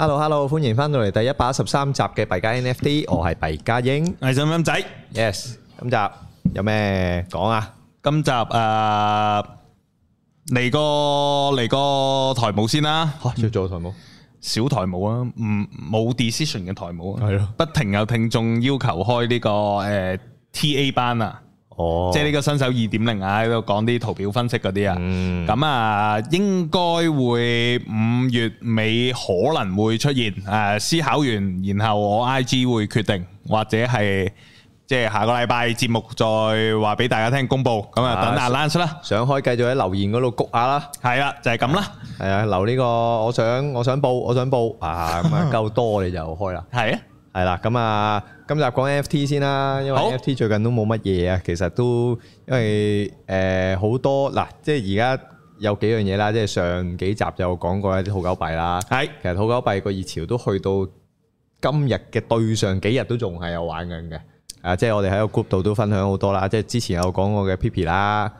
Hello，Hello，歡迎翻到嚟第一百一十三集嘅幣加 NFT，我係幣加鷹，係張斌仔，Yes，今集有咩講啊？今集誒，嚟個嚟個台舞先啦，要做台舞，小台舞啊，唔冇 decision 嘅台舞啊，係咯，不停有聽眾要求開呢個誒 TA 班啊。哦，即係呢個新手二點零啊，喺度講啲圖表分析嗰啲啊，咁啊應該會五月尾可能會出現，誒思考完，然後我 IG 會決定，或者係即係下個禮拜節目再話俾大家聽公布，咁啊等啊 Lance 啦，想開繼續喺留言嗰度谷下啦，係啊就係咁啦，係啊留呢個我想我想報我想報啊咁啊夠多你就開啦，係啊。係啦，咁啊，今集講 NFT 先啦，因為 NFT 最近都冇乜嘢啊，好其實都因為誒好、呃、多嗱、啊，即係而家有幾樣嘢啦，即係上幾集就有講過一啲土狗幣啦，係是，其實土狗幣個熱潮都去到今日嘅對上幾日都仲係有玩緊嘅，啊，即係我哋喺個 group 度都分享好多啦，即係之前有講過嘅 Pipi 啦。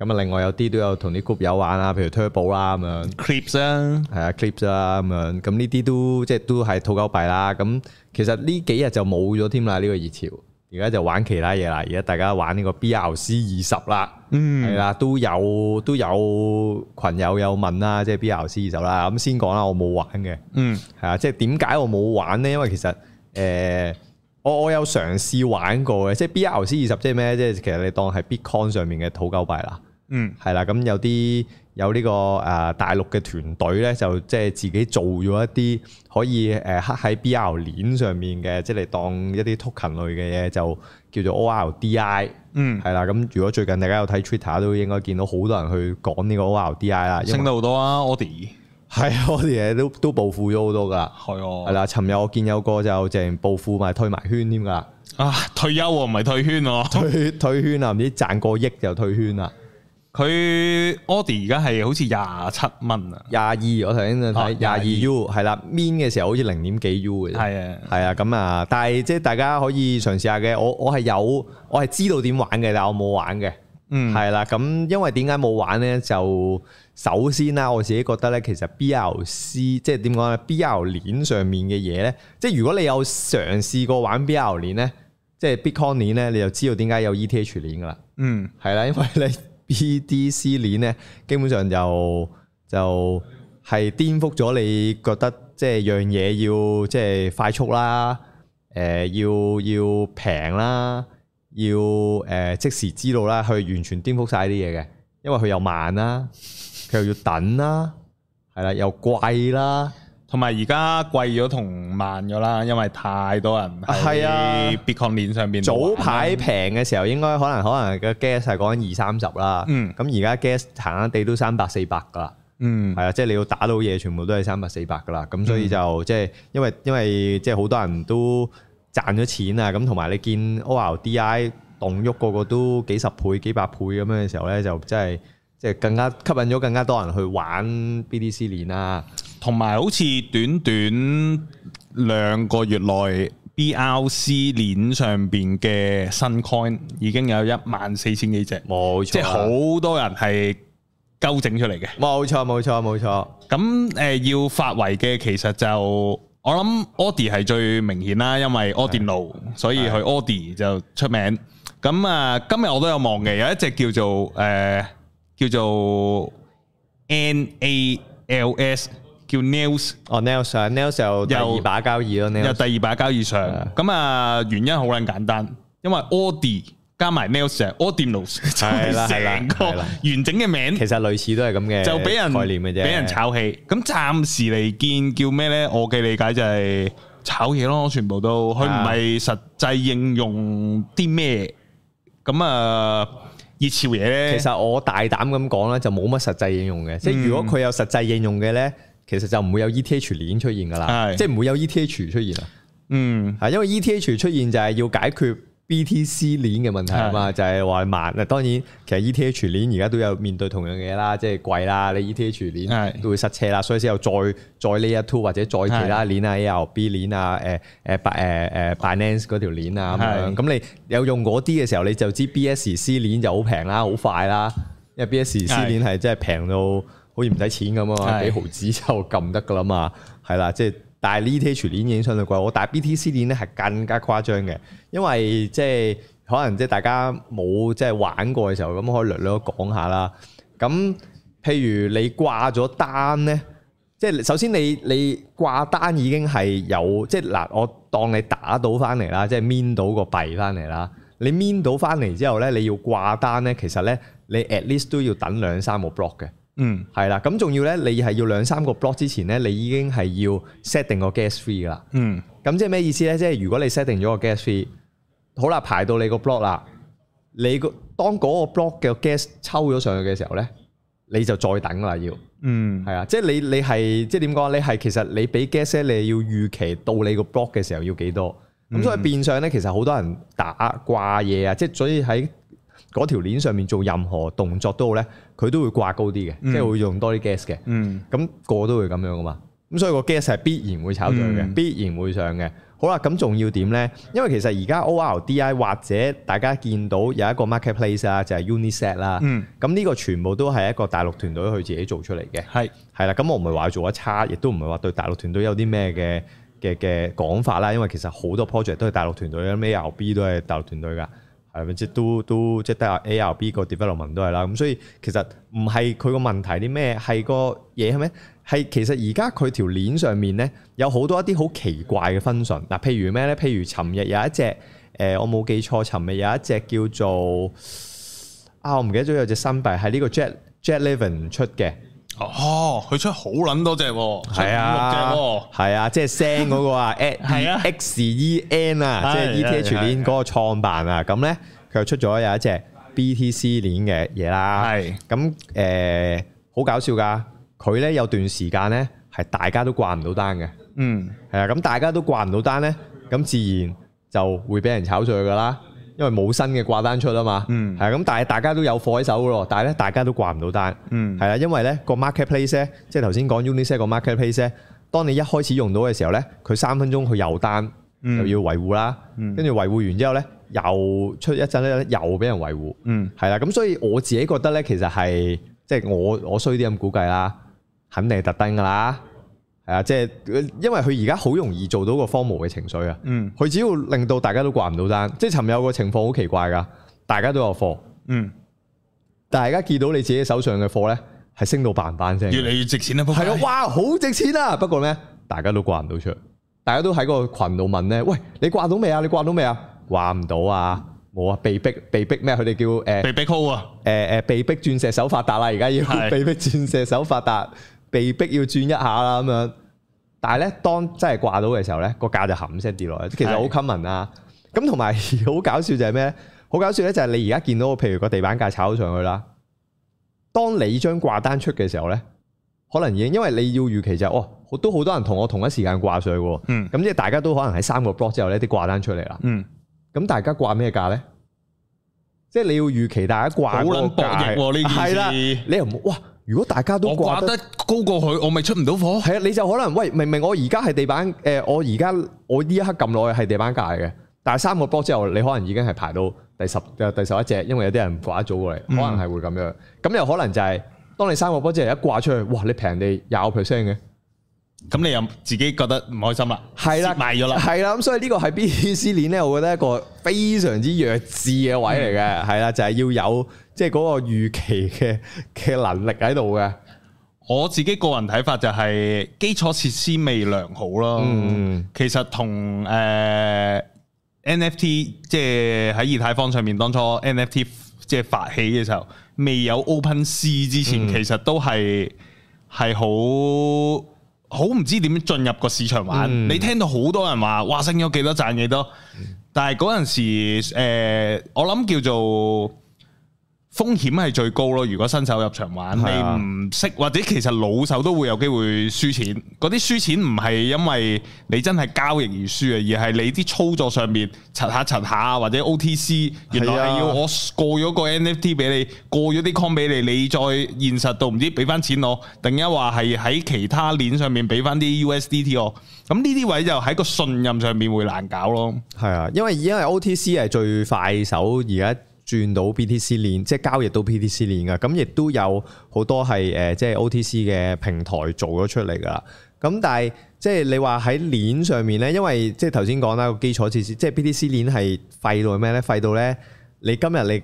咁啊，另外有啲都有同啲 group 友玩啊，譬如 Turbo 啦咁樣，Clips 啊，係啊 Clips 啊咁樣，咁呢啲都即係都係土狗幣啦。咁其實呢幾日就冇咗添啦，呢個熱潮，而家就玩其他嘢啦。而家大家玩呢個 BRC 二十啦，嗯，係啦、啊，都有都有群友有問啦，即、就、係、是、BRC 二十啦。咁先講啦，我冇玩嘅，嗯，係啊，即係點解我冇玩呢？因為其實誒、呃，我我有嘗試玩過嘅，即係 BRC 二十，即係咩？即係其實你當係 Bitcoin 上面嘅土狗幣啦。嗯，係啦，咁有啲有呢、呢個誒、呃、大陸嘅團隊咧，就即係自己做咗一啲可以誒刻喺 B R 鏈上面嘅，即係當一啲 token 類嘅嘢，就叫做 O R D I。嗯，係啦，咁如果最近大家有睇 Twitter 都應該見到好多人去講呢個 O R D I 啦。升到好多啊！Audi 係啊，Audi 都都暴富咗好多㗎。係啊係。啦，尋日我見有個就淨暴富咪退埋圈添㗎。啊！退休唔係退圈喎。退退圈啊！唔 知、啊、賺過億就退圈啦。佢 Audi 而家係好似廿七蚊啊，廿二我頭先睇廿二 u 係啦，mean 嘅時候好似零點幾 u 嘅啫。係啊的，係啊，咁啊，但係即係大家可以嘗試下嘅。我我係有，我係知道點玩嘅，但係我冇玩嘅。嗯，係啦，咁因為點解冇玩咧？就首先啦，我自己覺得咧，其實 B R C 即係點講咧，B R 鏈上面嘅嘢咧，即係如果你有嘗試過玩 B R 鏈咧，即係 Bitcoin 鏈咧，你就知道點解有 E T H 鏈噶啦。嗯，係啦，因為你。 P D、C 鏈咧，基本上就就係、是、顛覆咗你覺得即係樣嘢要即係快速啦，誒、呃、要要平啦，要誒、呃、即時知道啦，去完全顛覆晒啲嘢嘅，因為佢又慢啦，佢又要等啦，係啦，又貴啦。同埋而家貴咗同慢咗啦，因為太多人喺啊，BTC 鏈上邊。早排平嘅時候，應該可能可能個 gas 係講緊二三十啦。嗯，咁而家 gas 行緊地都三百四百噶啦。嗯，係啊，即係你要打到嘢，全部都係三百四百噶啦。咁所以就即係、嗯、因為因為即係好多人都賺咗錢啊。咁同埋你見 ORDI 動喐，個個都幾十倍、幾百倍咁樣嘅時候咧，就真係即係更加吸引咗更加多人去玩 BTC 鏈啦。同埋好似短短兩個月內，BRC 鏈上邊嘅新 coin 已經有一萬四千幾隻，冇錯，即係好多人係糾整出嚟嘅。冇錯，冇錯，冇錯。咁誒要發圍嘅其實就我諗，ORDI 係最明顯啦，因為 ORDI 路，所以佢 ORDI 就出名。咁啊，今日我都有望嘅，有一隻叫做誒叫做 NALS。叫 Nails 哦，Nails 上 Nails 又第二把交椅咯，又第二把交椅上咁啊！原因好捻簡單，因為 Ordi 加埋 Nails，Ordinals 就係成個完整嘅名。其實類似都係咁嘅，就俾人概念嘅啫，俾人炒氣。咁暫時嚟見叫咩咧？我嘅理解就係炒嘢咯，全部都佢唔係實際應用啲咩。咁啊，熱潮嘢，其實我大膽咁講咧，就冇乜實際應用嘅。即係如果佢有實際應用嘅咧。其實就唔會有 ETH 鏈出現噶啦，是即係唔會有 ETH 出現啊。嗯，係因為 ETH 出現就係要解決 BTC 鏈嘅問題啊嘛，是就係話慢。嗱，當然，其實 ETH 鏈而家都有面對同樣嘢啦，即係貴啦，你 ETH 鏈都會塞車啦，是所以先又再再呢一 two 或者再其他鏈啊 a l B 鏈啊，誒誒誒誒，Binance 嗰條鏈啊咁、呃呃呃啊、樣。咁是你有用嗰啲嘅時候，你就知 BSC 鏈就好平啦，好快啦，因為 BSC 鏈係真係平到。可以唔使錢咁啊，幾的毫子就撳得噶啦嘛，係啦，即係。但係呢啲純鏈影相對貴，我打 B T C 鏈咧係更加誇張嘅，因為即係可能即係大家冇即係玩過嘅時候，咁可以略略講下啦。咁譬如你掛咗單咧，即係首先你你掛單已經係有即係嗱，就是、我當你打到翻嚟啦，即係 min 到個幣翻嚟啦。你 min 到翻嚟之後咧，你要掛單咧，其實咧你 at least 都要等兩三個 block 嘅。嗯，係啦，咁仲要咧，你係要兩三個 block 之前咧，你已經係要 set 定個 gas fee 噶啦。嗯，咁即係咩意思咧？即係如果你 set 定咗個 gas fee，好啦，排到你，block 你個 block 啦，你個當嗰個 block 嘅 gas 抽咗上去嘅時候咧，你就再等啦，要。嗯，係啊，即係你你係即係點講？你係其實你俾 gas 咧，你要預期到你個 block 嘅時候要幾多？咁、嗯、所以變相咧，其實好多人打掛嘢啊，即係所以喺。嗰條鏈上面做任何動作都好，咧，佢都會掛高啲嘅，嗯、即係會用多啲 gas 嘅。咁、嗯、個都會咁樣噶嘛，咁所以個 gas 係必然會炒漲嘅，嗯、必然會上嘅。好啦，咁仲要點咧？因為其實而家 O R D I 或者大家見到有一個 marketplace 啦、嗯，就係 Unisat 啦。咁呢個全部都係一個大陸團隊去自己做出嚟嘅。係係啦，咁我唔係話做得差，亦都唔係話對大陸團隊有啲咩嘅嘅嘅講法啦。因為其實好多 project 都係大陸團隊，咩 LB 都係大陸團隊噶。係咪、嗯、即都都即係得 A、R、嗯、B 個 development 都係啦，咁所以其實唔係佢個問題啲咩，係個嘢係咩？係其實而家佢條鏈上面咧有好多一啲好奇怪嘅分層，嗱譬如咩咧？譬如尋日有一隻誒、呃，我冇記錯，尋日有一隻叫做啊，我唔記得咗有隻新幣係呢個 Jet, Jet Jet Eleven 出嘅。哦，佢出好捻多隻，係啊，五六隻喎，係啊，即係、那個、s 嗰個啊，at XEN 啊，即係 ETH 鏈嗰個創辦啊，咁咧佢又出咗有一隻 B T C 鏈嘅嘢啦，係咁誒，好、呃、搞笑噶，佢咧有段時間咧係大家都掛唔到單嘅，嗯，係啊，咁大家都掛唔到單咧，咁自然就會俾人炒上去噶啦。因為冇新嘅掛單出啊嘛，係啊、嗯，咁但係大家都有貨喺手嘅咯，但係咧大家都掛唔到單，係啊、嗯，因為咧個 marketplace 咧，即係頭先講 Unisec 個 marketplace 咧，當你一開始用到嘅時候咧，佢三分鐘佢有單，嗯、又要維護啦，跟住、嗯、維護完之後咧，又出一陣咧，又俾人維護，係啦、嗯，咁所以我自己覺得咧，其實係即係我我衰啲咁估計啦，肯定係特登㗎啦。係啊，即、就、係、是，因為佢而家好容易做到個荒蕪嘅情緒啊。嗯，佢只要令到大家都掛唔到單，即係尋日有個情況好奇怪噶，大家都有貨。嗯，但係而家見到你自己手上嘅貨咧，係升到扮唔翻，啫越嚟越值錢啦、啊。係咯，哇，好值錢啊！不過咧，大家都掛唔到出，大家都喺個群度問咧，喂，你掛到未啊？你掛到未啊？掛唔到啊？冇、呃、啊，被逼被逼咩？佢哋叫誒，被逼 hold 啊！誒誒，被逼鑽石手發達啦！而家要被逼鑽石手發達。的 被逼要轉一下啦，咁樣，但係咧，當真係掛到嘅時候咧，個價就含聲跌落，其實好 common 啊。咁同埋好搞笑就係咩？好搞笑咧，就係你而家見到，譬如個地板價炒咗上去啦，當你將掛單出嘅時候咧，可能已經因為你要預期就係、哦，都好多人同我同一時間掛上去嘅，嗯，咁即係大家都可能喺三個 block 之後呢啲掛單出嚟啦，嗯，咁大家掛咩價咧？即係你要預期大家掛好捻搏係啦，你又唔好哇？如果大家都我掛得高過佢，我咪出唔到貨？係啊， 你就可能喂，明明我而家係地板誒、呃，我而家我呢一刻撳落去係地板價嘅，但係三個波之後，你可能已經係排到第十誒第、第十一隻，因為有啲人掛得早過嚟，嗯、可能係會咁樣。咁又可能就係、係、當你三個波之後一掛出去，哇！你平地廿個 percent 嘅，咁你又自己覺得唔開心啦，賣咗啦，係啦。咁所以呢個係 B C 鏈咧，我覺得一個非常之弱智嘅位嚟嘅，係啦，就係要有。即係嗰個預期嘅嘅能力喺度嘅，我自己個人睇法就係基礎設施未良好咯。嗯、其實同誒、呃、NFT 即係喺以太坊上面，當初 NFT 即係發起嘅時候，未有 OpenSea 之前，嗯、其實都係係好好唔知點進入個市場玩。嗯、你聽到好多人話哇，升咗幾多賺幾多，但係嗰陣時、呃、我諗叫做。風險係最高咯，如果新手入場玩，你唔識或者其實老手都會有機會輸錢。嗰啲輸錢唔係因為你真係交易而輸啊，而係你啲操作上面，賊下賊下或者 OTC，原來係要我過咗個 NFT 俾你，過咗啲 coin 俾你，你再現實度唔知俾翻錢我，定一話係喺其他鏈上面俾翻啲 USDT 我。咁呢啲位就喺個信任上面會難搞咯。係啊，因為因為 OTC 係最快手而家。轉到 BTC 鏈，即係交易到 BTC 鏈嘅，咁亦都有好多係誒，即係 OTC 嘅平台做咗出嚟噶啦。咁但係即係你話喺鏈上面咧，因為即係頭先講啦，個基礎設施，即係 BTC 鏈係廢到咩咧？廢到咧，你今日你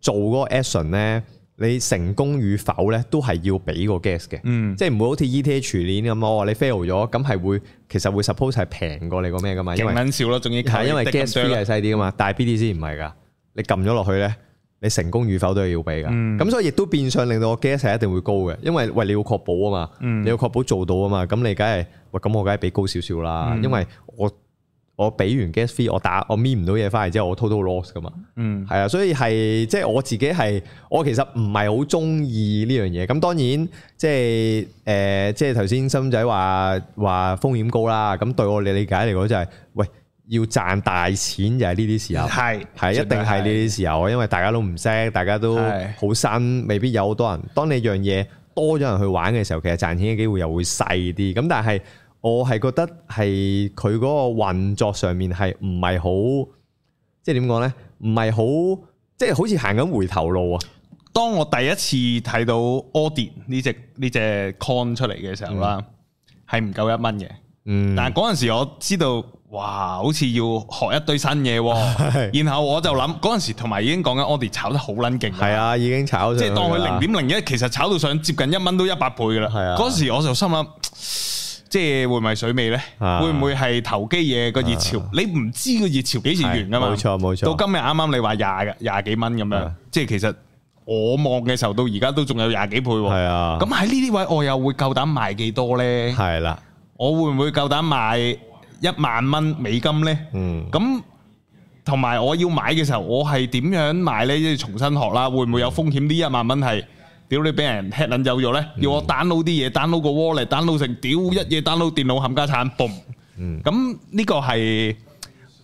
做嗰個 action 咧，你成功與否咧，都係要俾個 gas 嘅。嗯，即係唔會好似 ETH 鏈咁，我、哦、你 fail 咗，咁係會其實會 suppose 係平過你個咩噶嘛？因撚因，為因為 gas fee 係細啲噶嘛，G G 嗯、但係 BTC 唔係噶。你撳咗落去咧，你成功與否都係要俾噶，咁所以亦都變相令到我 gas 一定會高嘅，因為喂你要確保啊嘛，你要確保做到啊嘛，咁你梗係，喂咁我梗係俾高少少啦，因為我我俾完 gas，我打我搣唔到嘢翻嚟之後，我 total loss 噶嘛，係啊，所以係即係我自己係我其實唔係好中意呢樣嘢，咁當然即係誒即係頭先心仔話話風險高啦，咁對我嘅理解嚟講就係喂。要賺大錢就係呢啲時候，係係是一定係呢啲時候，的因為大家都唔識，大家都好新，未必有好多人。的當你樣嘢多咗人去玩嘅時候，其實賺錢嘅機會又會細啲。咁但係我係覺得係佢嗰個運作上面係唔係好，即係點講呢？唔係、就是、好，即係好似行緊回頭路啊！當我第一次睇到 Audit 呢、這、隻、個、呢隻、這個、Con 出嚟嘅時候啦，係唔夠一蚊嘅，嗯，嗯但係嗰陣時我知道。哇！好似要學一堆新嘢喎、啊， 然後我就諗嗰陣時，同埋已經講緊我哋炒得好撚勁。係啊，已經炒即係當佢零點零一，其實炒到上接近一蚊都一百倍㗎啦。係啊，嗰時我就心諗，即係會唔會係水尾咧？啊、會唔會係投機嘢、啊、個熱潮？你唔知個熱潮幾時完㗎嘛？冇錯冇錯。錯到今日啱啱你話廿廿幾蚊咁樣，啊、即係其實我望嘅時候到而家都仲有廿幾倍喎。啊，咁喺呢啲位我又會夠膽買幾多咧？係啦、啊，我會唔會夠膽買？一萬蚊美金呢，咁同埋我要買嘅時候，我係點樣買呢？即係重新學啦，會唔會有風險呢？呢一萬蚊係屌你俾人吃撚走咗呢？要我 download 啲嘢，download 個鑊嚟，download 成屌一嘢 download 電腦冚家鏟，boom！咁呢個係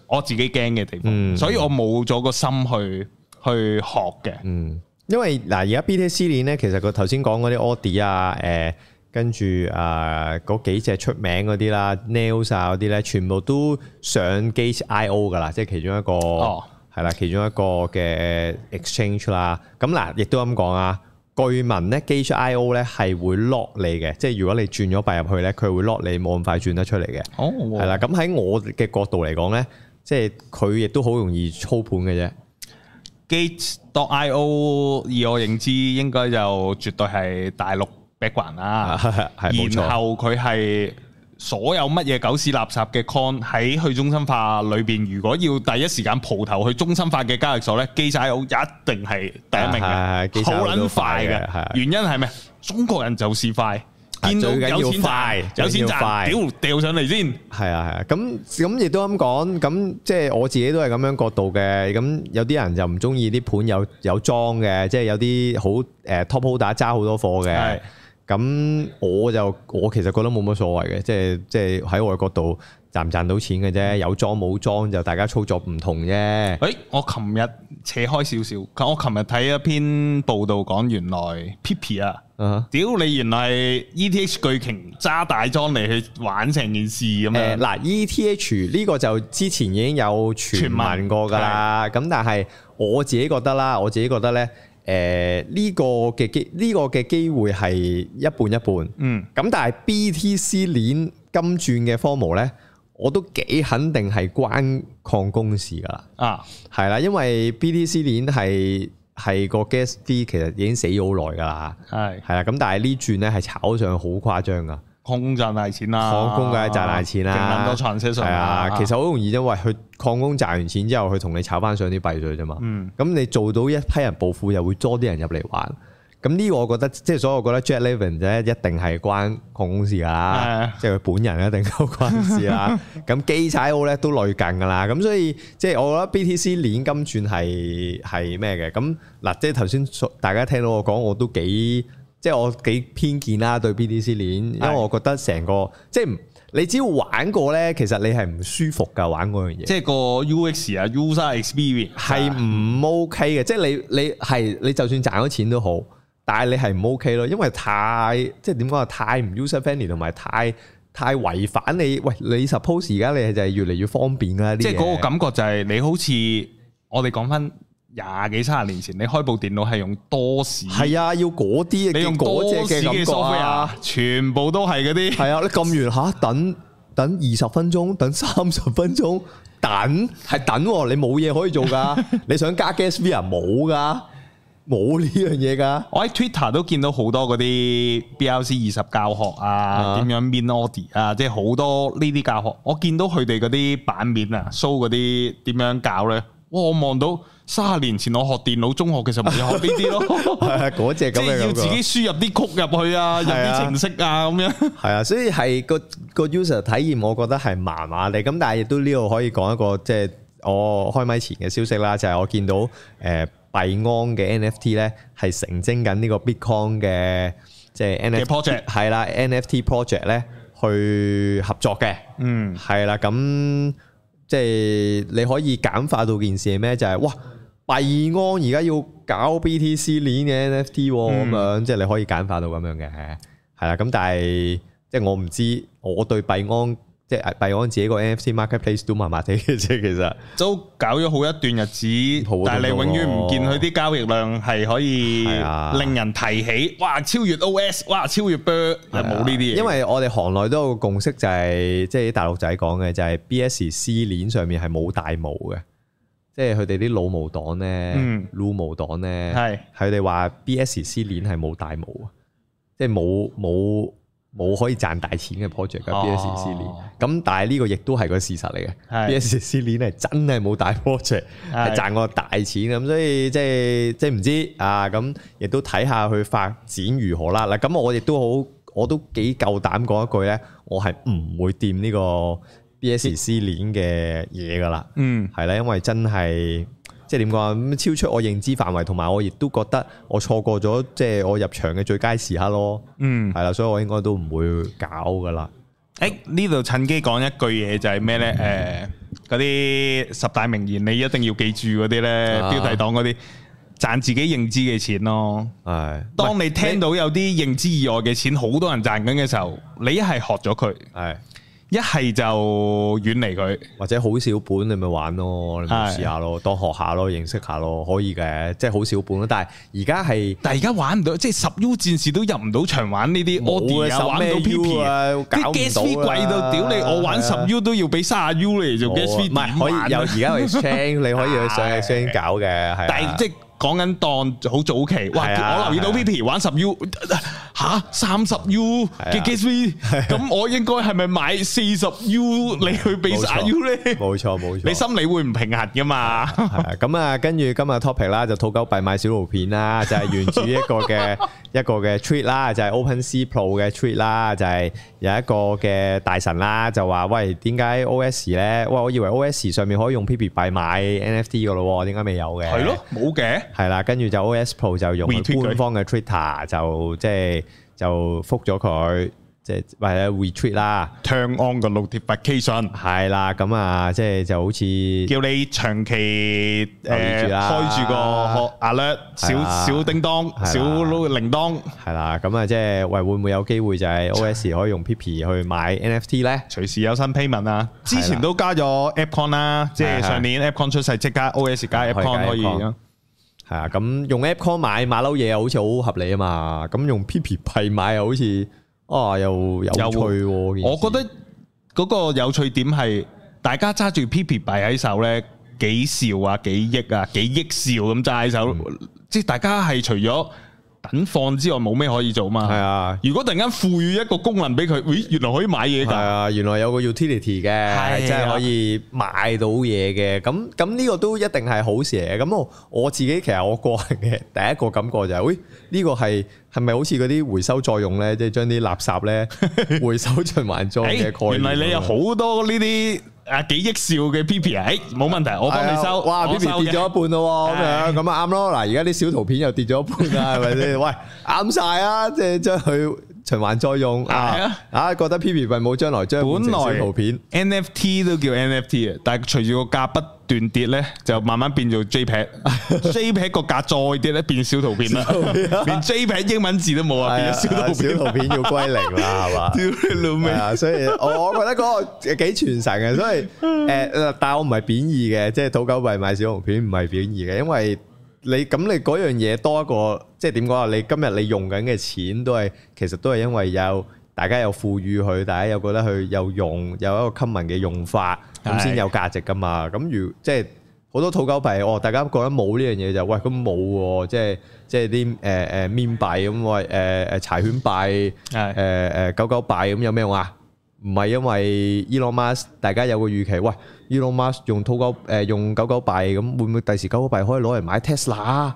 我自己驚嘅地方，所以我冇咗個心去去學嘅。嗯，因為嗱，而家 BTC 鏈呢，其實佢頭先講嗰啲 audi 啊，誒。跟住誒嗰幾隻出名嗰啲啦，Nails 啊嗰啲咧，全部都上 Gate.io 噶啦，即係其中一個，係啦，其中一個嘅 Exchange 啦、啊。咁嗱，亦都咁講啊，據聞咧 Gate.io 咧係會 lock 你嘅，即係如果你轉咗幣入去咧，佢會 lock 你冇咁快轉得出嚟嘅。哦、oh, oh，係啦。咁喺我嘅角度嚟講咧，即係佢亦都好容易操盤嘅啫。Gate.io 以我認知，應該就絕對係大陸。白環啊，然後佢係所有乜嘢狗屎垃圾嘅 con 喺去中心化裏邊，如果要第一時間蒲頭去中心化嘅交易所咧，記曬佬一定係第一名嘅，好撚快嘅。原因係咩？中國人就是快，見到有錢快，有錢賺，屌掉上嚟先。係啊係啊，咁咁亦都咁講，咁即係我自己都係咁樣角度嘅。咁有啲人就唔中意啲盤有有裝嘅，即係有啲好誒 top 好打揸好多貨嘅。咁我就我其實覺得冇乜所謂嘅，即係即係喺外國度賺唔賺到錢嘅啫，有裝冇裝就大家操作唔同啫。誒、欸，我琴日扯開少少，我琴日睇一篇報道講，原來 Pippi 啊，啊屌你原來 ETH 巨鯨揸大莊嚟去玩成件事咁樣！嗱，ETH 呢個就之前已經有傳聞過㗎啦，咁但係我自己覺得啦，我自己覺得呢。誒呢、呃這個嘅機呢個嘅機會係一半一半，嗯，咁但係 BTC 鏈金轉嘅 formula 咧，我都幾肯定係關礦工事噶啦，啊，係啦，因為 BTC 鏈係係個 gas fee 其實已經死咗好耐噶啦，係係啦，咁但係呢轉咧係炒上好誇張噶。礦工賺大錢啦、啊，礦工梗係賺大錢啦、啊，多係啊，啊，其實好容易，因為佢礦工賺完錢之後，佢同你炒翻上啲幣稅啫嘛。嗯，咁你做到一批人暴富，又會多啲人入嚟玩。咁呢個我覺得，即、就、係、是、所以我覺得 Jack Levin 啫，一定係關礦工事噶，即係佢本人一定有關事啦。咁機踩好咧都累近噶啦。咁所以即係、就是、我覺得 BTC 年金轉係係咩嘅？咁嗱，即係頭先大家聽到我講，我都幾。即係我幾偏見啦，對 BDC 鏈，因為我覺得成個即係你只要玩過咧，其實你係唔舒服㗎玩嗰樣嘢。即係個 UX 啊，user experience 係唔 OK 嘅。的即係你你係你就算賺咗錢都好，但係你係唔 OK 咯，因為太即係點講啊，太唔 user friendly 同埋太太違反你。喂，你 suppose 而家你係就係越嚟越方便㗎，即係嗰個感覺就係你好似我哋講返。廿幾三十年前，你開部電腦係用多士？係啊，要嗰啲嘅多士嘅感覺啊！全部都係嗰啲。係啊，你咁完吓，啊？等等二十分鐘，等三十分鐘，等係等，等啊，你冇嘢可以做噶。 你想加 gasphere 冇噶，冇呢樣嘢噶。我喺 Twitter 都見到好多嗰啲 BRC 二十教學啊，點，啊，樣 mint Ordi 啊，即係好多呢啲教學。我見到佢哋嗰啲版面啊，show 嗰啲點樣搞咧？哇，我望到。卅年前我學電腦，中學嘅時候咪學呢啲咯，係啊，嗰隻咁樣嘅。即係要自己輸入啲曲入去啊，入啲程式啊，咁樣。係啊，所以係個個 user 體驗，我覺得係麻麻地。咁但係亦都呢度可以講一個，即係我開咪前嘅消息啦，就係我見到誒幣安嘅 NFT 咧係成精緊呢個 Bitcoin 嘅即係 NFT project 係啦，NFT project 咧去合作嘅。嗯，係啦，咁即係你可以簡化到件事係咩？就係哇！幣安而家要搞 BTC 鏈嘅 NFT 咁、嗯、樣，即係你可以簡化到咁樣嘅，係啦。咁但係即係我唔知，我對幣安即係幣安自己個 NFT marketplace 都麻麻地嘅啫，其實都搞咗好一段日子，但係你永遠唔見佢啲交易量係可以令人提起，的哇！超越 OS，哇！超越 bird，冇呢啲嘢。因為我哋行內都有個共識，就係即係啲大陸仔講嘅，就係 BSC 鏈上面係冇大毛嘅。即係佢哋啲老毛黨咧，嗯、擼毛黨咧，係佢哋話 BSC 鏈係冇大毛啊，即係冇冇冇可以賺大錢嘅 project 咁 BSC 鏈，咁、哦、但係呢個亦都係個事實嚟嘅，BSC 鏈係真係冇大 project，係賺過大錢咁，所以即係即係唔知啊，咁亦都睇下佢發展如何啦。嗱，咁我亦都好，我都幾夠膽講一句咧，我係唔會掂呢個。BSC 鏈嘅嘢噶啦，嗯，係啦，因為真係即係點講啊，超出我認知範圍，同埋我亦都覺得我錯過咗，即、就、係、是、我入場嘅最佳時刻咯，嗯，係啦，所以我應該都唔會搞噶啦。誒、嗯，呢度就、欸、趁機講一句嘢就係咩咧？誒、嗯，嗰啲、呃、十大名言，你一定要記住嗰啲咧，啊、標題黨嗰啲賺自己認知嘅錢咯。係、嗯，當你聽到有啲認知以外嘅錢好多人賺緊嘅時候，你係學咗佢。係。一係就遠離佢，或者好少本你咪玩咯，你咪試下咯，多學下咯，認識下咯，可以嘅，即係好少本咯。但係而家係，但係而家玩唔到，即係十 U 戰士都入唔到場玩呢啲，我啲的玩唔到 PVP，啲 gasv 貴都屌你，我玩十 U 都要俾卅 U 嚟做 gasv，唔係可以有而家去以 change，你可以去上 change 去去去搞嘅，係。講緊當好早期，哇！啊、我留意到 Pipi 玩十 U 吓、啊，三十、啊、U gives me 咁我應該係咪買四十 U 你去俾十 U 咧？冇錯冇錯，錯你心理會唔平衡噶嘛？咁啊，啊，跟住今日 topic 啦，就土狗幣買小圖片啦，就係原主一個嘅 一個嘅 tweet 啦，就係 OpenSea Pro 嘅 tweet 啦，就係有一個嘅大神啦，就話喂點解 OS 咧？喂，我以為 OS 上面可以用 Pipi 幣買 NFT 噶咯喎，點解未有嘅？係咯、啊，冇嘅。係啦，跟住就 O.S. Pro 就用官方嘅 Twitter 就即係就覆咗佢，即係或者 retweet 啦，Turn on 個 notification。係啦，咁啊，即係就好似叫你長期誒開住個 alert，小小叮當，小鈴鐺。係啦，咁啊，即係喂，會唔會有機會就係 O.S. 可以用 PP 去買 N.F.T. 咧？隨時有新 payment 啊！之前都加咗 AppCon 啦，即係上年 AppCon 出世即刻 O.S. 加 AppCon 可以。係、嗯、啊，咁用 ApeCoin 買馬騮嘢啊，好似好合理啊嘛。咁用 Pipi 幣買啊，好似啊又有趣、啊。有我覺得嗰個有趣點係大家揸住 Pipi 幣喺手咧，幾兆啊，幾億啊，幾億兆咁揸喺手，嗯、即係大家係除咗，等放之外冇咩可以做嘛？係啊，如果突然間賦予一個功能俾佢，咦，原來可以買嘢？係啊，原來有個 utility 嘅，係真係可以買到嘢嘅。咁咁呢個都一定係好事嚟嘅。咁我我自己其實我個人嘅第一個感覺就係、是，喂、哎，呢、這個係係咪好似嗰啲回收作用咧？即係將啲垃圾咧 回收循環咗嘅概念 原來你有好多呢啲。誒，幾億兆嘅 P P 啊，誒，冇問題，我幫你收，哇，P P 跌咗一半咯，咁樣，咁啊啱咯，嗱，而家啲小圖片又跌咗一半啦，係咪先？喂，啱晒啊，即係將佢循環再用啊，啊，覺得 P P 幣冇將來將，本來圖片 N F T 都叫 N F T 啊，但係隨住個價不。斷跌咧就慢慢變做 JPEG，JPEG 個價再跌咧變小圖片啦，連 JPEG 英文字都冇啊，變小圖片要歸零啦，係嘛？所以我覺得嗰個幾傳神嘅，所以誒，但係我唔係貶義嘅，即係土狗幣買小圖片唔係貶義嘅，因為你咁你嗰樣嘢多一個，即係點講啊？你今日你用緊嘅錢都係，其實都係因為有。大家又賦予佢，大家又覺得佢有用，有一個 common 嘅用法，咁先有價值㗎嘛？咁是的 如即係好多土狗幣，我、哦、大家覺得冇呢樣嘢就喂，咁冇喎，即係即係啲誒誒面幣咁，喂誒誒柴犬幣，誒、呃、誒、呃、狗狗幣咁、呃、有咩用啊？唔係因為 Elon Musk 大家有個預期，喂 Elon Musk 用土狗誒、呃、用狗狗幣咁會唔會第時狗狗幣可以攞嚟買 Tesla？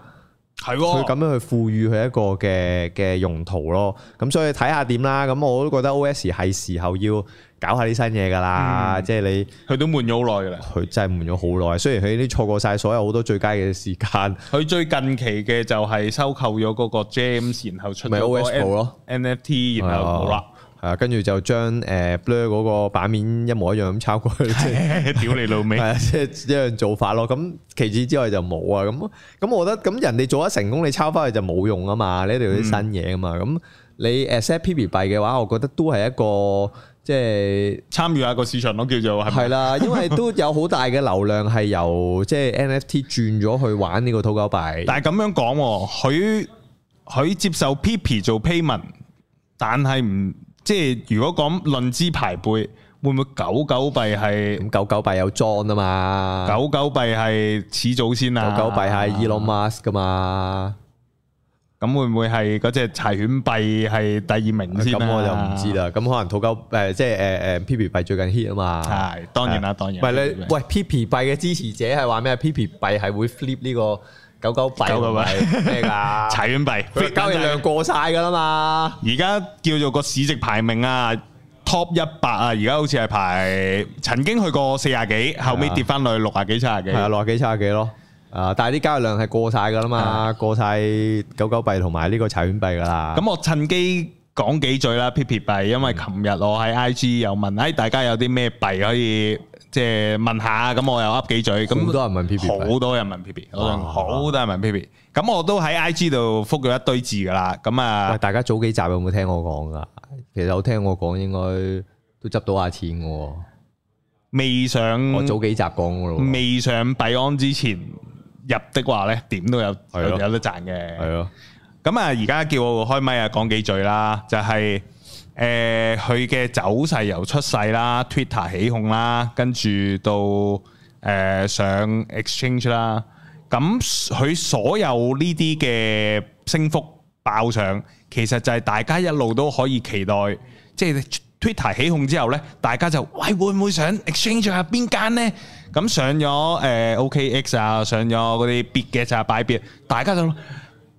係佢咁樣去賦予佢一個嘅嘅用途咯，咁所以睇下點啦。咁我都覺得 OS 係時候要搞下啲新嘢噶啦，嗯、即係你佢都悶咗好耐噶啦。佢真係悶咗好耐，雖然佢已經錯過晒所有好多最佳嘅時間。佢最近期嘅就係收購咗嗰個 Gem，然後出咪 OS 咗個 NFT，然後冇啦。啊好係啊，跟住就將誒嗰個版面一模一樣咁抄過去，屌你老味，係啊，即係一樣做法咯。咁其次之外就冇啊。咁咁我覺得咁人哋做得成功，你抄翻去就冇用啊嘛。你喺度啲新嘢啊嘛。咁你 accept PIP 幣嘅話，我覺得都係一個即係參與下個市場咯。叫做係啦，因為都有好大嘅流量係由即係 NFT 轉咗去玩呢個土狗幣。但係咁樣講，佢佢接受 Pip 做 payment，但係唔。即係如果講論資排輩，會唔會狗狗幣係狗狗幣有裝啊嘛？狗狗幣係始祖先啦、啊，狗狗幣係 Elon Musk 噶嘛？咁會唔會係嗰隻柴犬幣係第二名先？咁、哎、我就唔知啦。咁、啊、可能土狗誒，即係誒誒 Pipi 幣最近 hit 啊嘛？係，當然啦，你當然。唔你、哎、喂 Pipi 幣嘅支持者係話咩？Pipi 幣係會 flip 呢、這個？九九幣咩噶？狗狗幣 柴源幣幣交易量過晒噶啦嘛？而家叫做個市值排名啊，Top 一百啊，而家好似係排曾經去過四十幾， 後尾跌翻落去六十幾七十幾，係 啊六十幾七十幾咯。啊，但係啲交易量係過晒噶啦嘛， 過晒九九幣同埋呢個柴源幣噶啦。咁我趁機講幾句啦，Pipi 幣，因為琴日我喺 IG 有問，哎，大家有啲咩幣可以？即係問下，咁我又噏幾嘴。咁好多人問 P P，好多人問 P P，好多人問 P P。咁我都喺 I G 度覆咗一堆字噶啦。咁啊，大家早幾集有冇聽我講噶？其實有聽我講應該都執到下錢嘅喎。未上我早幾集講嘅咯。未上幣安之前入的話咧，點都有有有得賺嘅。係咯。咁啊，而家叫我開咪啊，講幾嘴啦，就係。誒佢嘅走勢由出世啦，Twitter 起鬨啦，跟住到誒上 Exchange 啦，咁佢所有呢啲嘅升幅爆上，其實就係大家一路都可以期待，即係 Twitter 起鬨之後咧，大家就喂，會唔會上 Exchange 啊邊間咧？咁上咗誒 OKX 啊，上咗嗰啲別嘅就係擺別，大家就。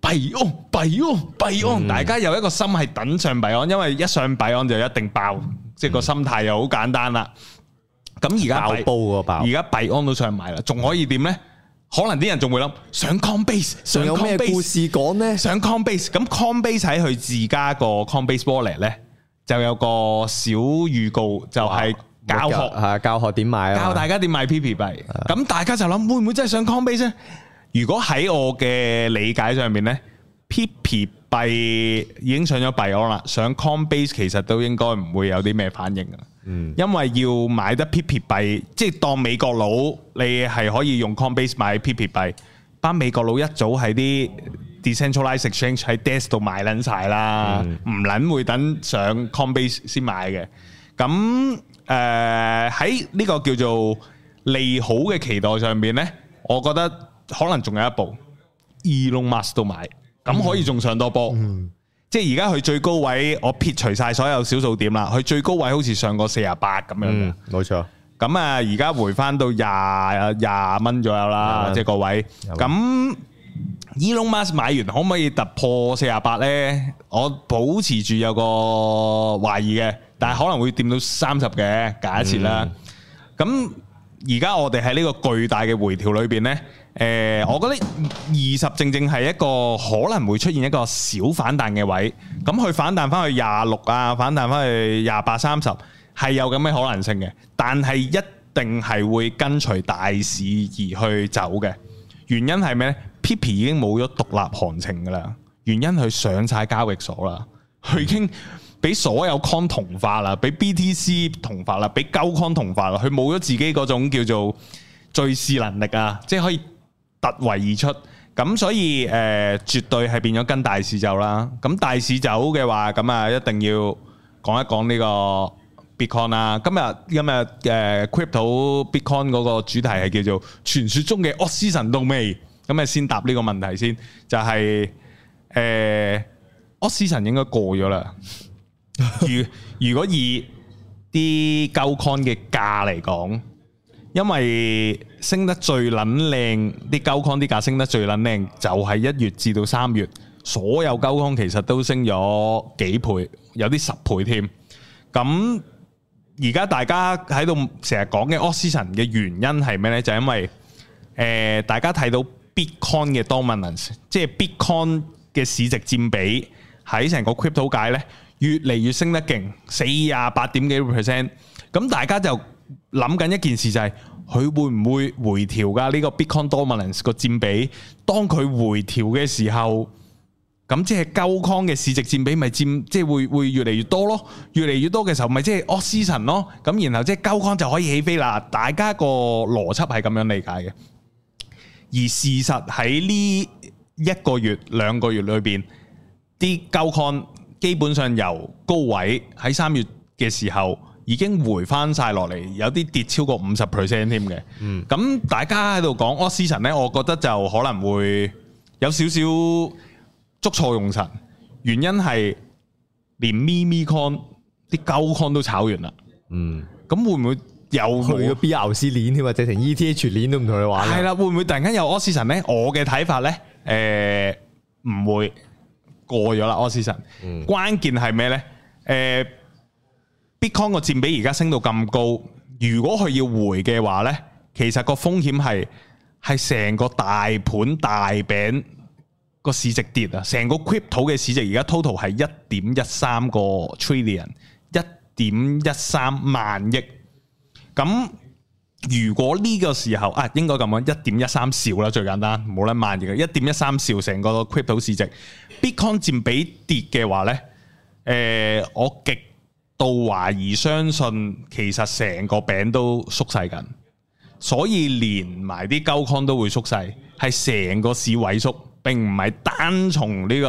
幣安，幣安，幣安，大家有一個心係等上幣安，因為一上幣安就一定爆，即係個心態又好簡單啦。咁而家爆煲嘅爆，而家幣安都上埋啦，仲可以點咧？可能啲人仲會諗上 Coinbase，仲有咩故事講咧？上 Coinbase，咁 Coinbase 喺佢自家個 Coinbase Wallet 咧，就有個小預告，就係教學吓，教學點買啦，教大家點買 P P 幣。咁大家就諗，會唔會真係上 Coinbase 咧？如果喺我嘅理解上面，咧，Pip 幣已經上咗幣安啦，上 Coinbase 其實都應該唔會有啲咩反應啊。嗯、因為要買得 Pip 幣，即係當美國佬，你係可以用 Coinbase 買 Pip 幣，班美國佬一早喺啲 Decentralized Exchange 喺 Desk 度買撚曬啦，唔撚、嗯、會等上 Coinbase 先買嘅。咁誒喺呢個叫做利好嘅期待上邊咧，我覺得。可能仲有一部 Elon Musk 都買，咁可以仲上多波，嗯、即係而家佢最高位，我撇除晒所有小數點啦，佢最高位好似上過四十八咁樣，冇錯、嗯。咁啊，而家回翻到廿廿蚊左右啦，即係各位。咁、嗯、Elon Musk 買完可唔可以突破四十八呢？我保持住有個懷疑嘅，但係可能會掂到三十嘅假設啦。咁而家我哋喺呢個巨大嘅回調裏邊呢。誒、呃，我覺得二十正正係一個可能會出現一個小反彈嘅位，咁佢反彈翻去廿六啊，反彈翻去廿八三十係有咁嘅可能性嘅，但係一定係會跟隨大市而去走嘅。原因係咩咧？Pipi 已經冇咗獨立行情噶啦，原因佢上晒交易所啦，佢已經俾所有 coin 同化啦，俾 BTC 同化啦，俾高 coin 同化啦，佢冇咗自己嗰種叫做敘事能力啊，即係可以。突圍而出，咁所以誒，絕對係變咗跟大市走啦。咁大市走嘅話，咁啊一定要講一講呢個 Bitcoin 啦。今日咁啊誒，Crypto Bitcoin 嗰個主題係叫做傳說中嘅 alt season 到未？咁啊先答呢個問題先，就係誒 alt season 應該過咗啦。如如果以啲舊 coin 嘅價嚟講，因為升得最撚靚，啲高抗啲價升得最撚靚，就係一月至到三月，所有高抗其實都升咗幾倍，有啲十倍添。咁而家大家喺度成日講嘅 Alt Season 嘅原因係咩呢？就因為誒，大家睇到 Bitcoin 嘅 Dominance，即係 Bitcoin 嘅市值佔比喺成個 Crypto 界呢，越嚟越升得勁，四十八點幾 percent。咁大家就諗緊一件事就係。佢會唔會回調噶？呢個 Bitcoin dominance 個佔比，當佢回調嘅時候，咁即係鉬礦嘅市值佔比咪佔，即係會會越嚟越多咯。越嚟越多嘅時候，咪即係 alt season 咯。咁然後即係鉬礦就可以起飛啦。大家個邏輯係咁樣理解嘅。而事實喺呢一個月、兩個月裏邊，啲鉬礦基本上由高位喺三月嘅時候。已經回翻晒落嚟，有啲跌超過五十 percent 添嘅。咁、嗯、大家喺度講，alt season 咧，我覺得就可能會有少少捉錯用神，原因係連咪咪 con 啲鳩 con 都炒完啦。嗯，咁會唔會又去個 B R C 鏈添，好或者成 E T H 鏈都唔同佢玩？係啦，會唔會突然間有 alt season 咧？我嘅睇法咧，誒、呃，唔會過咗啦，alt season。嗯、關鍵係咩咧？誒、呃。Bitcoin 個佔比而家升到咁高，如果佢要回嘅話呢，其實個風險係係成個大盤大餅個市值跌啊！成個 crypto 嘅市值而家 total 係一點一三個 trillion，一點一三萬億。咁如果呢個時候啊，應該咁樣，一點一三兆啦，最簡單冇啦萬嘅。一點一三兆成個 crypto 市值，Bitcoin 佔比跌嘅話呢，誒、呃、我極。杜懷疑相信其實成個餅都縮晒緊，所以連埋啲 altcoin 都會縮細，係成個市萎縮，並唔係單從呢個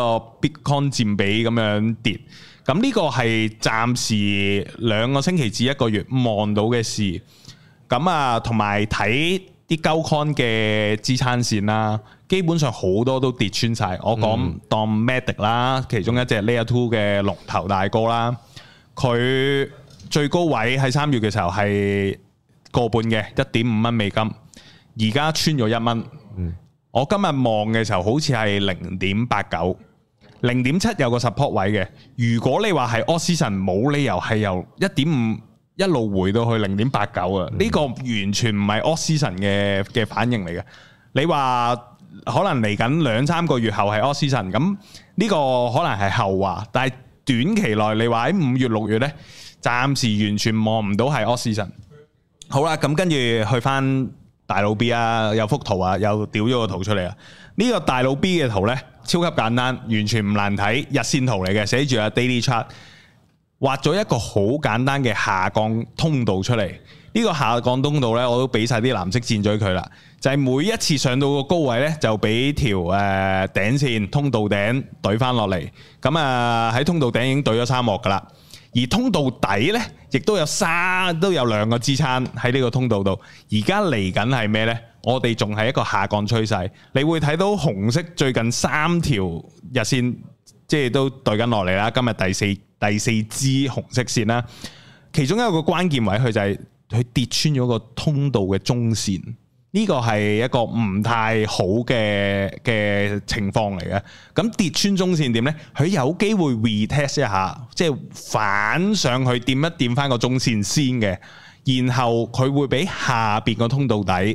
Bitcoin 佔比咁樣跌。咁呢個係暫時兩個星期至一個月望到嘅事。咁啊，同埋睇啲 altcoin 嘅支撐線啦，基本上好多都跌穿晒。我講當 Matic 啦，其中一隻 Layer Two 嘅龍頭大哥啦。佢最高位喺三月嘅時候係個半嘅，一點五蚊美金。而家穿咗一蚊。我今日望嘅時候好似係零點八九、零點七有個 support 位嘅。如果你話係 alt season，冇理由係由一點五一路回到去零點八九啊！呢個完全唔係 alt season 嘅嘅反應嚟嘅。你話可能嚟緊兩三個月後係 alt season，咁呢個可能係後話，但係，短期內你話喺五月六月呢，暫時完全望唔到係 alt season。好啦，咁跟住去翻大佬 B 啊，有幅圖啊，又掉咗個圖出嚟啊！呢、這個大佬 B 嘅圖呢，超級簡單，完全唔難睇，日線圖嚟嘅，寫住啊 Daily Chart，畫咗一個好簡單嘅下降通道出嚟。呢、這個下降通道呢，我都俾晒啲藍色箭嘴佢啦。就係每一次上到個高位咧，就俾條誒、呃、頂線通道頂對翻落嚟。咁啊，喺、呃、通道頂已經對咗三幕噶啦。而通道底咧，亦都有三都有兩個支撐喺呢個通道度。而家嚟緊係咩呢？我哋仲係一個下降趨勢。你會睇到紅色最近三條日線，即係都對緊落嚟啦。今日第四第四支紅色線啦，其中一個關鍵位佢就係、是、佢跌穿咗個通道嘅中線。呢個係一個唔太好嘅嘅情況嚟嘅。咁跌穿中線點呢？佢有機會 retest 一下，即係反上去掂一掂翻個中線先嘅。然後佢會俾下邊個通道底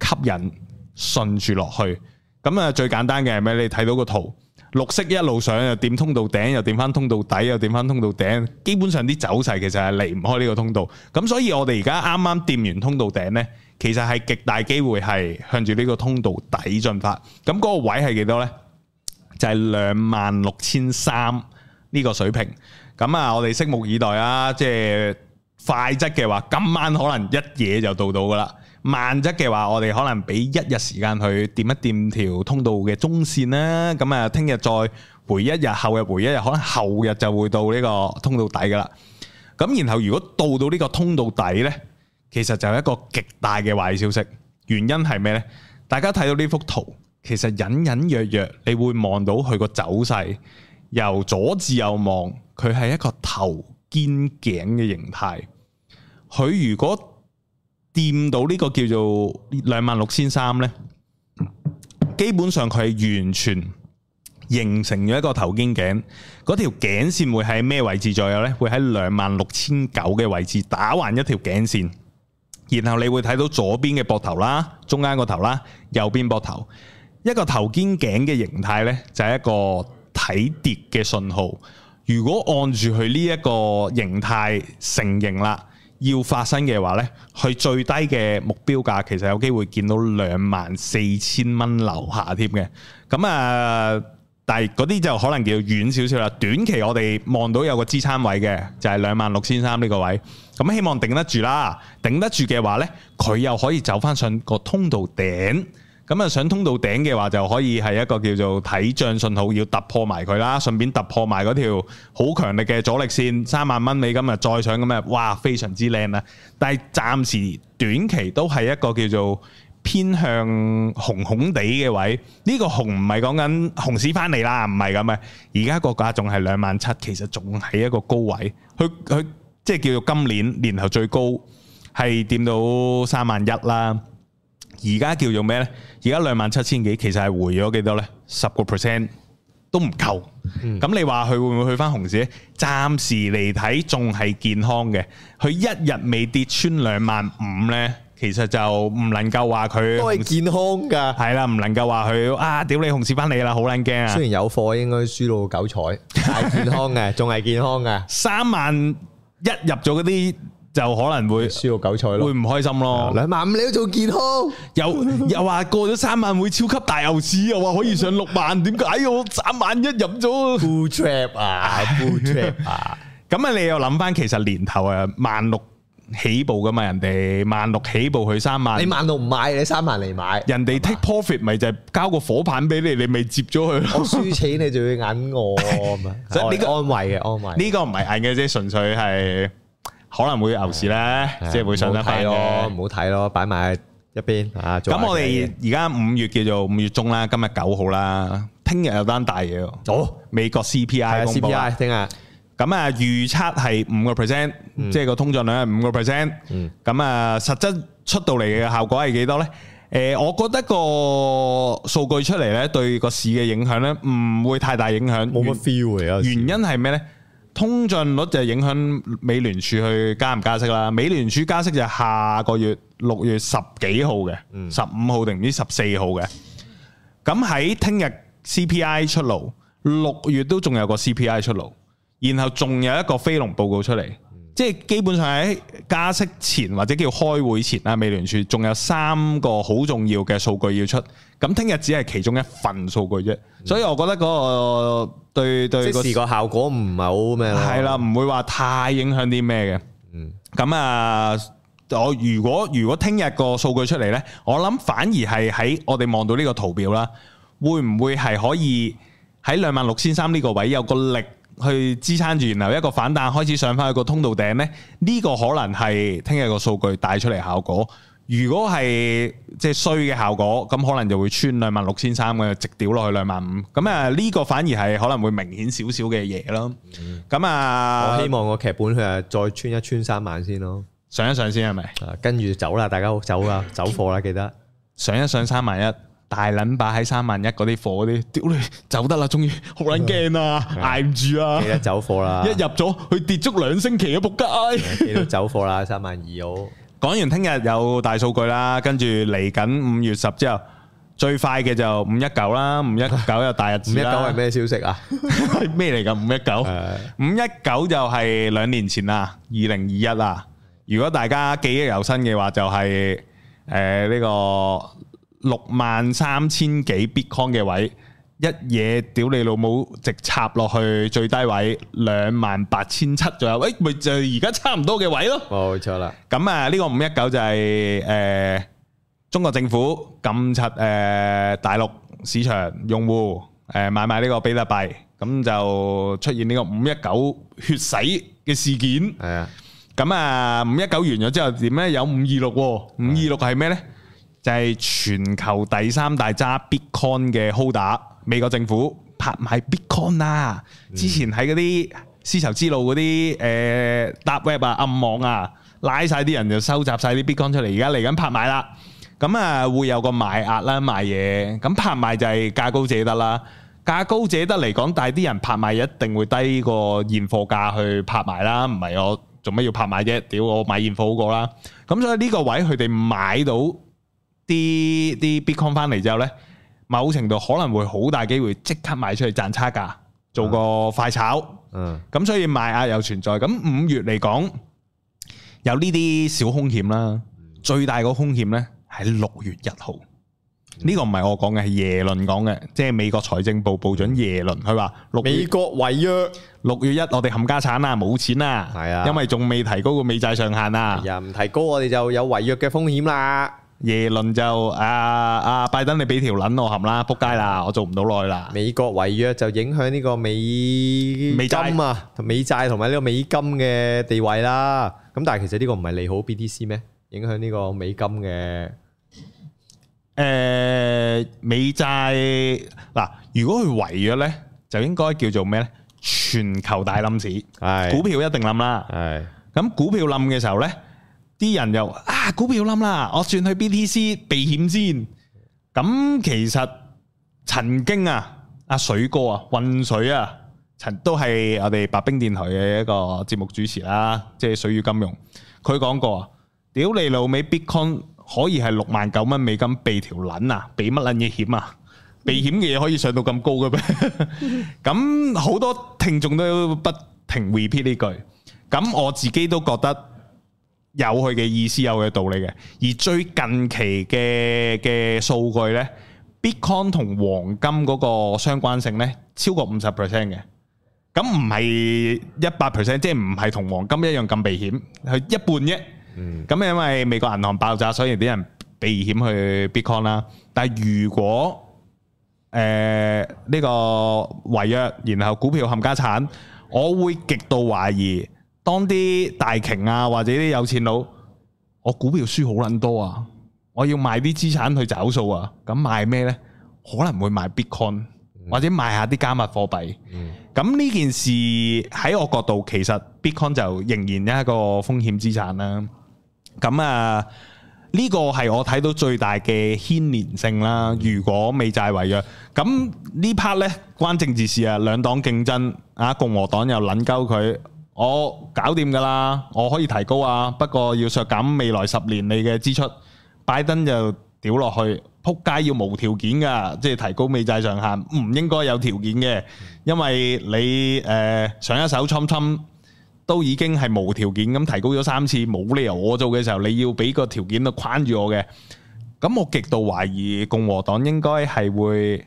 吸引順住落去。咁啊，最簡單嘅係咩？你睇到個圖，綠色一路上又掂通道頂，又掂翻通道底，又掂翻通道頂。基本上啲走勢其實係離唔開呢個通道。咁所以我哋而家啱啱掂完通道頂呢。其實係極大機會係向住呢個通道底進發，咁嗰個位係幾多呢？就係兩萬六千三呢個水平。咁啊，我哋拭目以待啊！即係快則嘅話，今晚可能一夜就到到噶啦。慢則嘅話，我哋可能俾一日時間去掂一掂條通道嘅中線啦。咁啊，聽日再回一日，後日回一日，可能後日就會到呢個通道底噶啦。咁然後，如果到到呢個通道底呢？其實就係一個極大嘅壞消息，原因係咩呢？大家睇到呢幅圖，其實隱隱約約你會望到佢個走勢，由左至右望，佢係一個頭肩頸嘅形態。佢如果掂到呢個叫做兩萬六千三呢，基本上佢係完全形成咗一個頭肩頸。嗰條頸線會喺咩位置左右呢？會喺兩萬六千九嘅位置打橫一條頸線。然後你會睇到左邊嘅膊頭啦，中間個頭啦，右邊膊頭，一個頭肩頸嘅形態呢，就係一個睇跌嘅信號。如果按住佢呢一個形態成形啦，要發生嘅話呢，佢最低嘅目標價其實有機會見到兩萬四千蚊樓下添嘅。咁啊、呃，但係嗰啲就可能叫遠少少啦。短期我哋望到有個支撐位嘅，就係兩萬六千三呢個位。咁希望頂得住啦，頂得住嘅話呢，佢又可以走翻上個通道頂。咁啊，上通道頂嘅話，就可以係一個叫做睇漲信號，要突破埋佢啦。順便突破埋嗰條好強力嘅阻力綫，三萬蚊你今日再上，咁啊，哇，非常之靚啊！但係暫時短期都係一個叫做偏向紅紅地嘅位。呢個紅唔係講緊紅市翻嚟啦，唔係咁嘅。而家個價仲係兩萬七，其實仲係一個高位。佢佢。即係叫做今年年頭最高係掂到三萬一啦，而家叫做咩咧？而家兩萬七千幾，其實係回咗幾多咧？十個 percent 都唔夠。咁你話佢會唔會去翻熊市咧？暫時嚟睇仲係健康嘅，佢一日未跌穿兩萬五咧，其實就唔能夠話佢都係健康噶。係啦，唔能夠話佢啊，屌你熊市翻你啦，好撚驚啊！雖然有貨，應該輸到九彩，係健康嘅，仲係健康嘅，三萬。一入咗嗰啲就可能會輸到韭菜咯，會唔開心咯。兩萬五你要做健康，又又話過咗三萬會超級大牛市，又話可以上六萬，點解、哎、我？三萬一入咗 full trap 啊，full trap 啊，咁啊 你又諗翻其實年頭啊，萬六。起步噶嘛，人哋萬六起步去三萬，你萬六唔買，你三萬嚟買，人哋 take profit 咪就係交個火棒俾你，你咪接咗佢咯。我輸錢你就要揞我，所以呢個安慰嘅安慰，呢個唔係揞嘅啫，純粹係可能會牛市咧，即係會上得快咯，唔好睇咯，擺埋一邊吓。咁我哋而家五月叫做五月中啦，今日九號啦，聽日有單大嘢，哦，美國 CPI 公布啊。咁啊，預測係五個 percent，即係個通脹率係五個 percent。咁啊，實質出到嚟嘅效果係幾多呢？誒，我覺得個數據出嚟呢，對個市嘅影響呢，唔會太大影響。冇乜 feel 啊！原因係咩呢？通脹率就影響美聯儲去加唔加息啦。美聯儲加息就係下個月六月十幾號嘅，十五號定唔知十四號嘅。咁喺聽日 CPI 出爐，六月都仲有個 CPI 出爐。然後仲有一個非農報告出嚟，即係基本上喺加息前或者叫開會前啊，美聯儲仲有三個好重要嘅數據要出，咁聽日只係其中一份數據啫，所以我覺得嗰個對對個效果唔係好咩？係啦，唔會話太影響啲咩嘅。咁啊，我如果如果聽日個數據出嚟呢，我諗反而係喺我哋望到呢個圖表啦，會唔會係可以喺兩萬六千三呢個位有個力？去支撐住，然後一個反彈開始上翻去個通道頂咧，呢、呢個可能係聽日個數據帶出嚟效果。如果係即係衰嘅效果，咁可能就會穿兩萬六千三嘅，直掉落去兩萬五。咁啊，呢個反而係可能會明顯少少嘅嘢咯。咁啊、嗯，我希望個劇本佢啊再穿一穿三萬先咯，上一上先係咪、啊？跟住走啦，大家好，走啦，走貨啦，記得上一上三萬一。大捻把喺三萬一嗰啲貨嗰啲，屌你走得啦，終於好捻驚啦，挨唔住啦，記得走貨啦？一入咗，佢跌足兩星期，嘅仆街，記得走貨啦？三萬二我講完，聽日有大數據啦，跟住嚟緊五月十之後，最快嘅就五一九啦，五一九又大日子啦。五一九係咩消息啊？咩嚟噶？五一九，五一九就係兩年前啦，二零二一啦。如果大家記憶猶新嘅話，就係誒呢個。六萬三千幾 bitcoin 嘅位，一嘢屌你老母直插落去最低位兩萬八千七左右，誒咪就係而家差唔多嘅位咯，冇錯啦。咁啊呢個五一九就係誒中國政府禁察誒大陸市場用戶誒買買呢個比特幣，咁就出現呢個五一九血洗嘅事件。係啊，咁啊五一九完咗之後點咧？有五二六，五二六係咩咧？就係全球第三大揸 Bitcoin 嘅 Holder，美國政府拍賣 Bitcoin 啊！之前喺嗰啲絲綢之路嗰啲誒 Dark Web 啊、暗網啊，拉晒啲人就收集晒啲 Bitcoin 出嚟，而家嚟緊拍賣啦。咁啊，會有個買壓啦，買嘢。咁拍賣就係價高者得啦，價高者得嚟講，但係啲人拍賣一定會低個現貨價去拍賣啦。唔係我做咩要拍賣啫？屌我買現貨好過啦。咁所以呢個位佢哋買到。啲啲 Bitcoin 翻嚟之後咧，某程度可能會好大機會即刻賣出去賺差價，做個快炒。嗯，咁所以賣壓又存在。咁五月嚟講，有呢啲小凶險啦。最大個凶險咧係六月一號。呢個唔係我講嘅，係耶倫講嘅，即係美國財政部部長耶倫佢話六月美國違約，六月一我哋冚家產啦，冇錢啦，係啊，因為仲未提高個美債上限啊，又唔提高我哋就有違約嘅風險啦。耶倫就阿阿拜登，你俾條捻我含啦，扑街啦，我做唔到耐啦。美國違約就影響呢個美美金啊，美債同埋呢個美金嘅地位啦。咁但係其實呢個唔係利好 BTC 咩？影響呢個美金嘅誒，美債嗱，如果佢違約咧，就應該叫做咩咧？全球大冧市，係股票一定冧啦。係咁，股票冧嘅時候咧。啲人又，啊股票冧啦，我轉去 BTC 避險先。咁其實曾經啊，阿水哥啊，混水啊，陳都係我哋白兵電台嘅一個節目主持啦，即係水與金融。佢講過啊，屌你老味，Bitcoin 可以係六萬九蚊美金避條捻啊，避乜捻嘢險啊？避險嘅嘢可以上到咁高嘅咩？咁好多聽眾都不停 repeat 呢句，咁我自己都覺得。有佢嘅意思，有佢嘅道理嘅。而最近期嘅嘅數據咧，Bitcoin 同黃金嗰個相關性咧，超過五十 percent 嘅。咁唔係一百 percent，即係唔係同黃金一樣咁避險，佢一半啫。咁因為美國銀行爆炸，所以啲人避險去 Bitcoin 啦。但係如果誒呢個違約，然後股票冚家產，我會極度懷疑。當啲大鯨啊，或者啲有錢佬，我股票輸好撚多啊，我要賣啲資產去找數啊。咁賣咩呢？可能會賣 Bitcoin 或者賣下啲加密貨幣。咁呢、嗯、件事喺我角度，其實 Bitcoin 就仍然係一個風險資產啦。咁啊，呢個係我睇到最大嘅牽連性啦，啊。如果美債違約，咁呢 part 呢，關政治事啊，兩黨競爭啊，共和黨又撚鳩佢。我搞掂噶啦，我可以提高啊，不過要削減未來十年你嘅支出。拜登就屌落去，撲街要無條件噶，即係提高美債上限唔應該有條件嘅，因為你誒上一手侵侵都已經係無條件咁提高咗三次，冇理由我做嘅時候你要俾個條件都框住我嘅，咁我極度懷疑共和黨應該係會。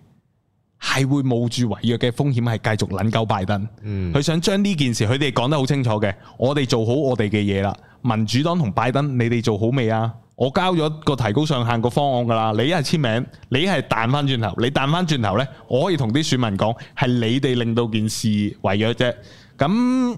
係會冒住違約嘅風險，係繼續攇救拜登。佢、嗯、想將呢件事，佢哋講得好清楚嘅，我哋做好我哋嘅嘢啦。民主黨同拜登，你哋做好未啊？我交咗個提高上限個方案噶啦，你一係簽名，你一係彈翻轉頭，你彈翻轉頭呢，我可以同啲選民講，係你哋令到件事違約啫。咁。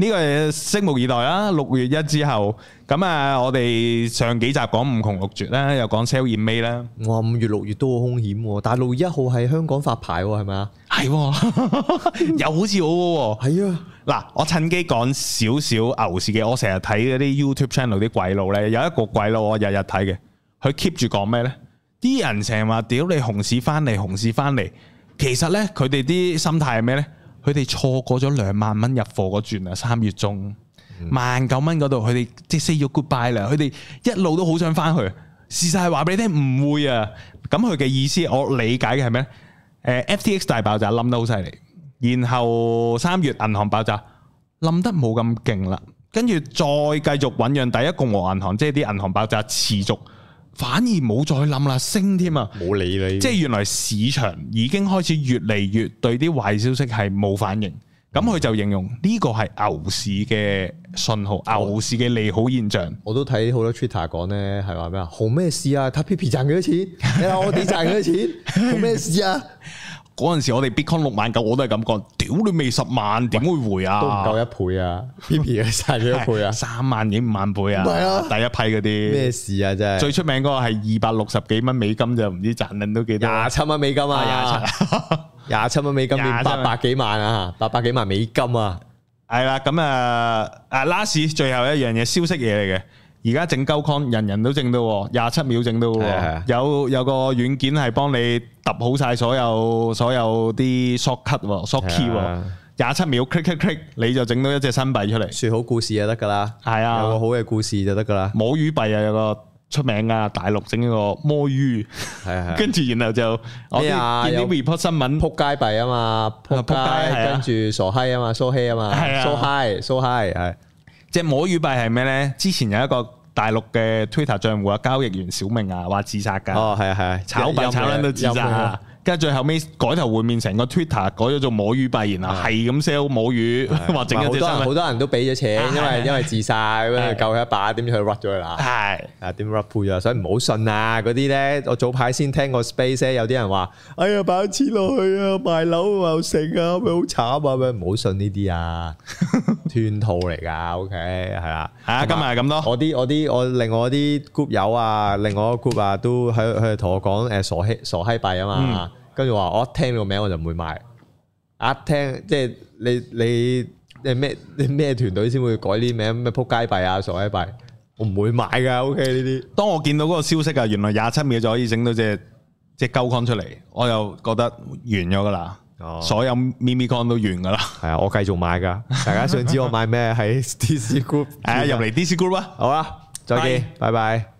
呢個係拭目以待啦！六月一之後，咁、嗯、啊，我哋上幾集講五窮六絕啦，又講 sell in May 啦。我話五月六月都好風險，但係六月一號係香港發牌係咪啊？係，又好似好嘅，係啊！嗱，我趁機講少少牛市嘅。我成日睇嗰啲 YouTube channel 啲鬼佬咧，有一個鬼佬我日日睇嘅，佢 keep 住講咩咧？啲人成日話屌你熊市翻嚟，熊市翻嚟，其實咧佢哋啲心態係咩咧？佢哋錯過咗兩萬蚊入貨嗰轉啊，三月中萬九蚊嗰度，佢哋、嗯、即係 say your goodbye 啦。佢哋一路都好想翻去，事實係話俾你聽唔會啊。咁佢嘅意思，我理解嘅係咩？誒，FTX 大爆炸冧得好犀利，然後三月銀行爆炸冧得冇咁勁啦，跟住再繼續醞釀第一共和銀行，即係啲銀行爆炸持續。反而冇再諗啦，升添啊！冇理你，即係原來市場已經開始越嚟越對啲壞消息係冇反應，咁佢、嗯、就形容呢個係牛市嘅信號，嗯、牛市嘅利好現象。我都睇好多 Twitter 講咧，係話咩啊？好咩事啊？t 睇 Pipi 賺幾多錢，你話我哋賺幾多錢，好咩事啊？ 嗰陣時我哋 Bitcoin 六萬九，我都係咁講，屌你未十萬，點會回啊？都唔夠一倍啊，Pip 嘅晒咗一倍啊，三、啊、 萬幾五萬倍啊，係啊，第一批嗰啲咩事啊，真係最出名嗰個係二百六十幾蚊美金就唔知賺捻到幾多、啊，廿七蚊美金啊，廿七，廿七蚊美金，八百幾萬啊，八百幾萬美金啊，係啦， 咁啊啊 last 最後一樣嘢消息嘢嚟嘅。而家整鳩 con，人人都整到，廿七秒整到，有有個軟件係幫你揼好晒所有所有啲 shortcut，shortcut，廿七秒 click click click，你就整到一隻新幣出嚟。説好故事就得㗎啦，係啊，有個好嘅故事就得㗎啦。摸魚幣啊，有個出名啊，大陸整一個摸魚，跟住然後就，我見啲 report 新聞撲街幣啊嘛，撲街，跟住傻閪啊嘛，so high 啊嘛，so high，so high，係。即係摩與幣係咩呢？之前有一個大陸嘅 Twitter 賬戶啊，交易員小明啊，話自殺㗎。哦，係啊係啊，炒幣炒卵都自殺。跟住最後尾改頭換面，成個 Twitter 改咗做摸魚幣，然後係咁 sell 摸魚，話整一隻衫。好多好多人都俾咗錢，因為因為自殺咁啊，救佢一把，點知佢 rupt 咗啦？係啊，點 rupt 咗？所以唔好信啊！嗰啲咧，我早排先聽過 Space 有啲人話，哎呀，把錢落去啊，賣樓又成啊，咪好慘啊！咪唔好信呢啲啊，斷套嚟噶。OK，係啦，係啊，今日係咁多。我啲我啲我另外啲 group 友啊，另外個 group 啊，都喺喺度同我講，誒，傻嘿傻嘿幣啊嘛。跟住話，我一聽個名我就唔會買。啊，聽即係你你你咩你咩團隊先會改啲名咩撲街幣啊，傻閪幣、啊，我唔會買噶。O K 呢啲。當我見到嗰個消息啊，原來廿七秒就可以整到只隻鳩 Con 出嚟，我就覺得完咗噶啦。哦、所有咪咪 Con 都完噶啦。係啊，我繼續買噶。大家想知我買咩、 啊？喺 Disc Group。誒，入嚟 Disc Group 啊，好啊，再見，拜拜。